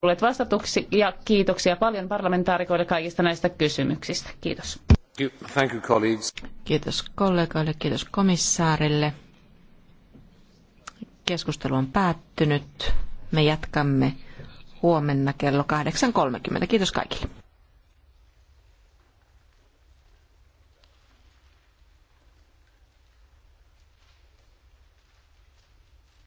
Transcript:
tulleet vastatuksi ja kiitoksia paljon parlamentaarikoille kaikista näistä kysymyksistä. Kiitos. Thank you, colleagues. Kiitos kollegoille, kiitos komissaarille. Keskustelu on päättynyt. Me jatkamme huomenna kello 8.30. Kiitos kaikille.